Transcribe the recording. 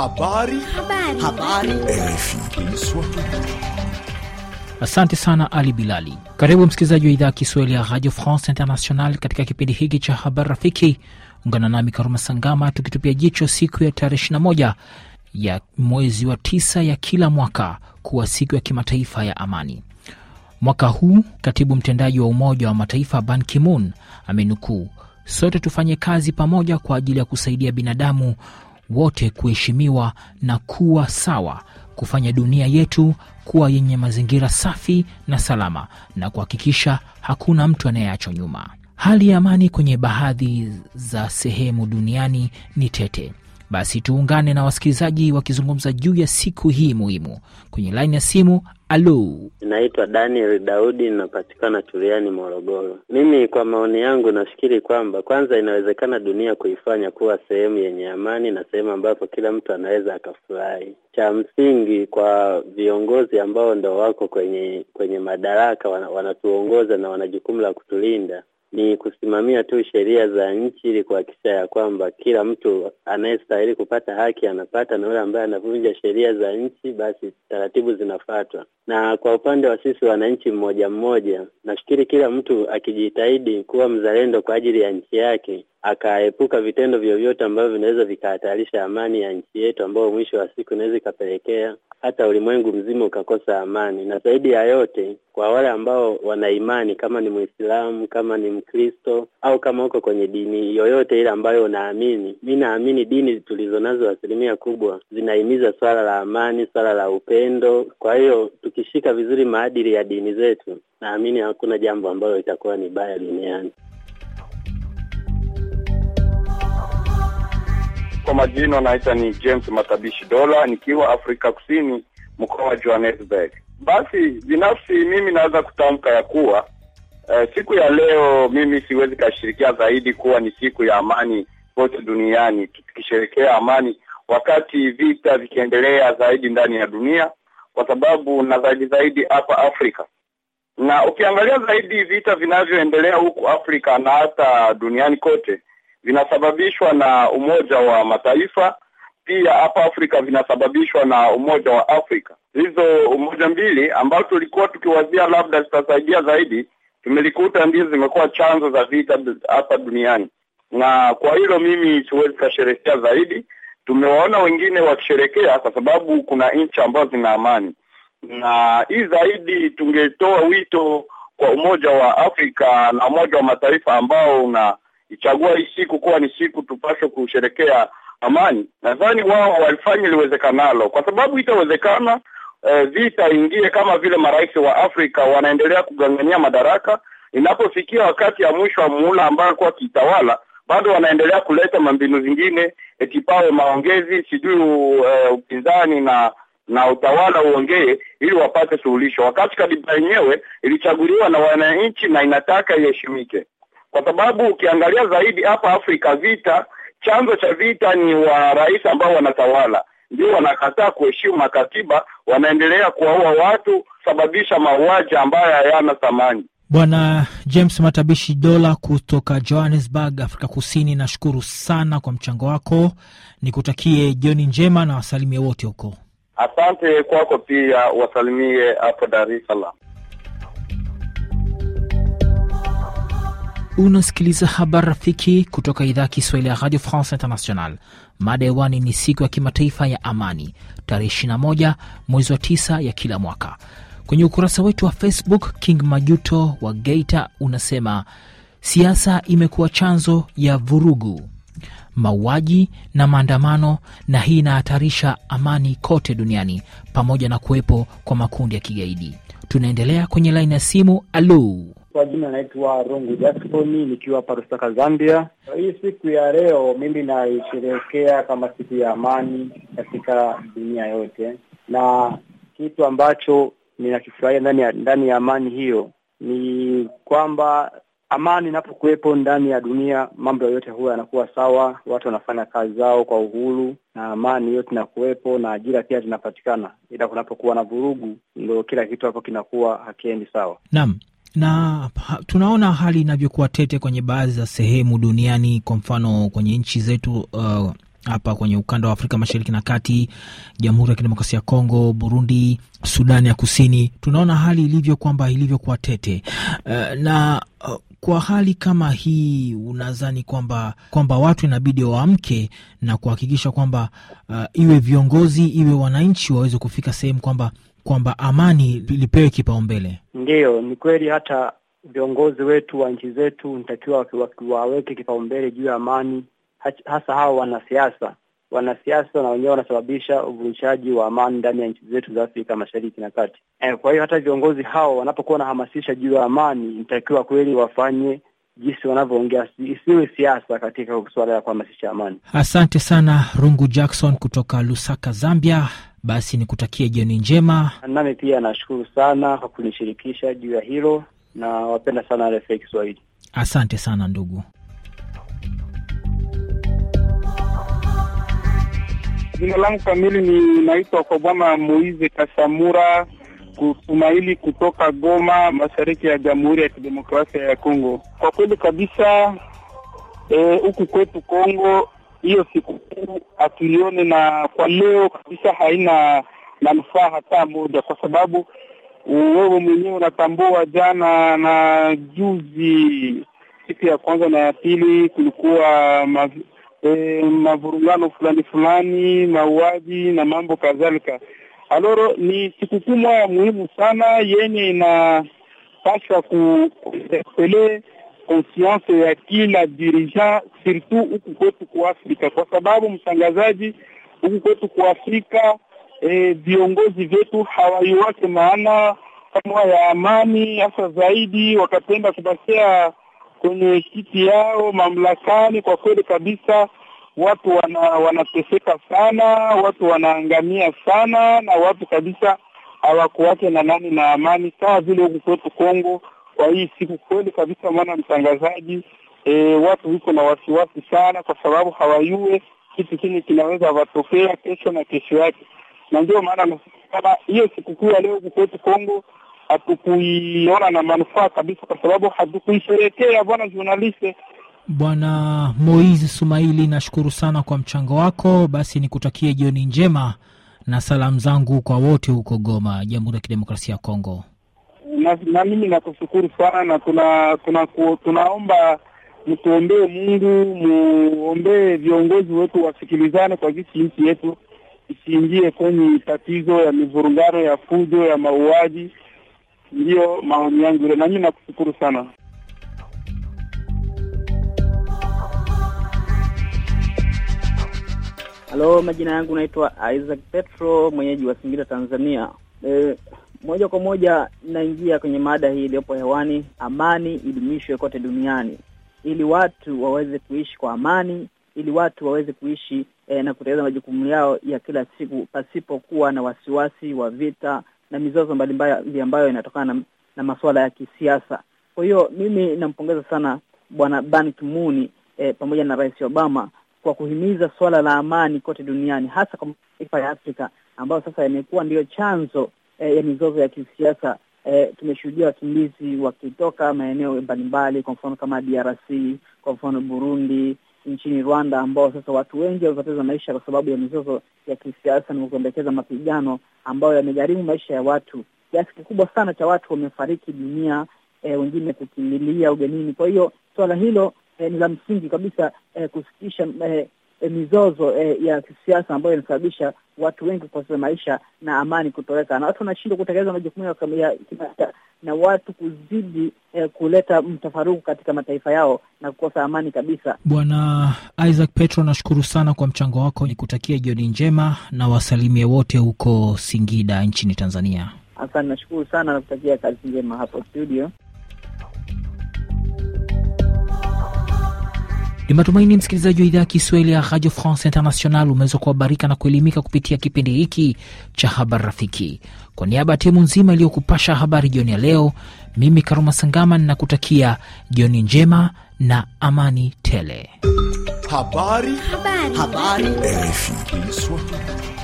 Habari. Habari. Habari. Asante sana Ali Bilali. Karibu msikilizaji wa idhaa ya Kiswahili ya Radio France International katika kipindi hiki cha Habari Rafiki. Ungana nami Karuma Sangama tukitupia jicho siku ya tarehe 21 ya mwezi wa tisa ya kila mwaka kuwa siku ya kimataifa ya amani. Mwaka huu katibu mtendaji wa Umoja wa Mataifa Ban Ki-moon amenukuu, sote tufanye kazi pamoja kwa ajili ya kusaidia binadamu wote kuheshimiwa na kuwa sawa, kufanya dunia yetu kuwa yenye mazingira safi na salama, na kuhakikisha hakuna mtu anayeachwa nyuma. Hali ya amani kwenye baadhi za sehemu duniani ni tete. Basi tuungane na wasikilizaji wakizungumza juu ya siku hii muhimu. Kwenye laini ya simu Alo, inaitwa Daniel Daudi, ninapatikana Turiani, Morogoro. Mimi kwa maoni yangu nafikiri kwamba kwanza, inawezekana dunia kuifanya kuwa sehemu yenye amani na sehemu ambapo kila mtu anaweza akafurahi. Cha msingi kwa viongozi ambao ndo wako kwenye kwenye madaraka, wanatuongoza na wana jukumu la kutulinda ni kusimamia tu sheria za nchi ili kuhakikisha ya kwamba kila mtu anayestahili kupata haki anapata, na yule ambaye anavunja sheria za nchi, basi taratibu zinafuatwa. Na kwa upande wa sisi wananchi mmoja mmoja, nafikiri kila mtu akijitahidi kuwa mzalendo kwa ajili ya nchi yake, akaepuka vitendo vyovyote ambavyo vinaweza vikahatarisha amani ya nchi yetu, ambayo mwisho wa siku inaweza ikapelekea hata ulimwengu mzima ukakosa amani. Na zaidi ya yote, kwa wale ambao wana imani, kama ni Mwislamu, kama ni Mkristo au kama uko kwenye dini yoyote ile ambayo unaamini, mi naamini dini tulizonazo asilimia kubwa zinahimiza swala la amani, swala la upendo. Kwa hiyo tukishika vizuri maadili ya dini zetu, naamini hakuna jambo ambalo itakuwa ni baya duniani. Kwa majina naita ni James Matabishi Dola, nikiwa Afrika Kusini, mkoa wa Johannesburg. Basi binafsi mimi naweza kutamka ya kuwa eh, siku ya leo mimi siwezi kashirikia zaidi kuwa ni siku ya amani kote duniani, tukisherekea amani wakati vita vikiendelea zaidi ndani ya dunia, kwa sababu na zaidi zaidi hapa Afrika na ukiangalia zaidi vita vinavyoendelea huku Afrika na hata duniani kote vinasababishwa na Umoja wa Mataifa, pia hapa Afrika vinasababishwa na Umoja wa Afrika. Hizo umoja mbili ambao tulikuwa tukiwazia labda zitasaidia zaidi, tumelikuta ndizo zimekuwa chanzo za vita hapa duniani, na kwa hilo mimi siwezi kasherekea zaidi. Tumewaona wengine wakisherekea kwa sababu kuna nchi ambazo zina amani, na hii zaidi tungetoa wito kwa Umoja wa Afrika na Umoja wa Mataifa ambao una ichagua hii siku kuwa ni siku tupaswe kusherekea amani, nadhani wao walifanya liwezekanalo, kwa sababu itawezekana e, vita ingie kama vile marais wa Afrika wanaendelea kugangania madaraka. Inapofikia wakati ya mwisho wa muhula ambayo kuwa kitawala bado wanaendelea kuleta mambinu zingine, eti pawe maongezi, sijui eh, upinzani na na utawala uongee ili wapate suluhisho, wakati katiba yenyewe ilichaguliwa na wananchi na inataka iheshimike kwa sababu ukiangalia zaidi hapa Afrika vita, chanzo cha vita ni wa rais ambao wanatawala, ndio wanakataa kuheshimu makatiba, wanaendelea kuwaua watu, sababisha mauaji ambayo hayana thamani. Bwana James Matabishi Dola kutoka Johannesburg, Afrika Kusini, nashukuru sana kwa mchango wako. Nikutakie jioni njema na wasalimie wote huko. Asante kwako pia, wasalimie hapo Dar es Salaam. Unasikiliza habari rafiki kutoka idhaa ya Kiswahili ya Radio France International. Mada hewani ni siku ya kimataifa ya amani, tarehe 21 mwezi wa 9 ya kila mwaka. Kwenye ukurasa wetu wa Facebook, King Majuto wa Geita unasema siasa imekuwa chanzo ya vurugu, mauaji na maandamano, na hii inahatarisha amani kote duniani, pamoja na kuwepo kwa makundi ya kigaidi. Tunaendelea kwenye laini ya simu. Alu kwa jina naitwa Rungu Jasponi, nikiwa hapa Lusaka, Zambia. Hii siku ya leo mimi naisherehekea kama siku ya amani katika dunia yote, na kitu ambacho ninakifurahia ndani ya ndani ya amani hiyo ni kwamba amani inapokuwepo ndani ya dunia, mambo yote huwa yanakuwa sawa, watu wanafanya kazi zao kwa uhuru na amani yote inakuwepo, na ajira pia zinapatikana. Ila kunapokuwa na vurugu, ndo kila kitu hapo kinakuwa hakiendi sawa. Naam, na tunaona hali inavyokuwa tete kwenye baadhi za sehemu duniani. Kwa mfano kwenye nchi zetu uh, hapa kwenye ukanda wa Afrika Mashariki na Kati, Jamhuri ya Kidemokrasia ya Kongo, Burundi, Sudani ya Kusini, tunaona hali ilivyo kwamba ilivyokuwa tete uh, na uh, kwa hali kama hii unadhani kwamba kwamba watu inabidi waamke na kuhakikisha kwamba uh, iwe viongozi iwe wananchi waweze kufika sehemu kwamba kwamba amani lipewe kipaumbele. Ndiyo, ni kweli. Hata viongozi wetu wa nchi zetu nitakiwa waweke kipaumbele juu ya amani, hasa hawa wanasiasa. Wanasiasa na wenyewe wanasababisha uvunjishaji wa amani ndani ya nchi zetu za Afrika Mashariki na Kati. E, kwa hiyo hata viongozi hao wanapokuwa wanahamasisha juu ya amani, nitakiwa kweli wafanye jinsi wanavyoongea isiwe siasa katika suala la kuhamasisha amani. Asante sana Rungu Jackson kutoka Lusaka, Zambia. Basi nikutakie jioni njema. Nami pia nashukuru sana kwa kunishirikisha juu ya hilo na wapenda sana RFI Kiswahili. Asante sana ndugu. Jina langu kamili ni naitwa kwa Bwana Moise Kasamura kutumaili kutoka Goma, mashariki ya Jamhuri ya Kidemokrasia ya Kongo. Kwa kweli kabisa eh, huku e, kwetu Kongo hiyo sikukuu hatulione, na kwa leo kabisa haina manufaa hata moja, kwa sababu wewe mwenyewe unatambua, jana na juzi, siku ya kwanza na ya pili kulikuwa ma, e, mavurungano fulani fulani, mauaji na mambo kadhalika aloro ni sikukuu moja muhimu sana yenye inapasha kuinterpele conscience ya kila dirigeant surtout huku kwetu kwa Afrika, kwa sababu mtangazaji, huku kwetu kwa Afrika eh, viongozi e, vyetu hawaiwake maana kama ya amani, hasa zaidi wakapenda kubakia kwenye kiti yao mamlakani. Kwa kweli kabisa watu wana, wanateseka sana, watu wanaangamia sana, na watu kabisa hawakuwake na nani na amani, sawa vile huku kwetu Kongo kwa hii siku. Kweli kabisa, mwana mtangazaji, e, watu wiko na wasiwasi sana, kwa sababu hawayue kitu kini kinaweza watokea kesho na kesho yake, na ndio maana kama hiyo sikukuu ya leo huku kwetu Kongo hatukuiona na manufaa kabisa, kwa sababu hatukuisherekea bwana journaliste. Bwana mois Sumaili, nashukuru sana kwa mchango wako. Basi nikutakie jioni njema na salamu zangu kwa wote huko Goma, Jamhuri ya Kidemokrasia ya Kongo. Na, na mimi nakushukuru sana. Tuna, tuna, tunaomba mtuombee Mungu, muombee viongozi wetu wasikilizane kwa jisi nchi yetu isiingie kwenye tatizo ya mivurungano ya fujo ya mauaji. Ndiyo maoni yangu ile, na mimi nakushukuru sana. Halo, majina yangu naitwa Isaac Petro, mwenyeji wa Singida, Tanzania. E, moja kwa moja naingia kwenye mada hii iliyopo hewani, amani idumishwe kote duniani ili watu waweze kuishi kwa amani, ili watu waweze kuishi e, na kutekeleza majukumu yao ya kila siku pasipokuwa na wasiwasi wa vita na mizozo mbalimbali ambayo inatokana na, na masuala ya kisiasa. Kwa hiyo mimi nampongeza sana Bwana Ban Ki-moon e, pamoja na Rais Obama kwa kuhimiza suala la amani kote duniani, hasa kwa mataifa ya Afrika ambayo sasa yamekuwa ndiyo chanzo eh, ya mizozo ya kisiasa. Eh, tumeshuhudia wakimbizi wakitoka maeneo mbalimbali, kwa mfano kama DRC, kwa mfano Burundi, nchini Rwanda, ambao sasa watu wengi wamepoteza maisha kwa sababu ya mizozo ya kisiasa na kuendekeza mapigano ambayo yamegharimu maisha ya watu. Kiasi kikubwa sana cha watu wamefariki dunia, eh, wengine kukimbilia ugenini. Kwa hiyo suala hilo eh, ni la msingi kabisa eh, kusitisha eh, eh, mizozo eh, ya kisiasa ambayo inasababisha watu wengi kukosa maisha na amani kutoweka, na watu wanashindwa kutekeleza majukumu yao ya na watu kuzidi eh, kuleta mtafaruku katika mataifa yao na kukosa amani kabisa. Bwana Isaac Petro, nashukuru sana kwa mchango wako, ni kutakia jioni njema na wasalimie wote huko Singida nchini Tanzania. Asante, nashukuru sana na kutakia kazi njema hapo studio. Ni matumaini msikilizaji wa idhaa ya Kiswahili ya Radio France International umeweza kuhabarika na kuelimika kupitia kipindi hiki cha Habari Rafiki. Kwa niaba ya timu nzima iliyokupasha habari jioni ya leo, mimi Karuma Sangama ninakutakia jioni njema na amani tele. Habari. Habari. Habari.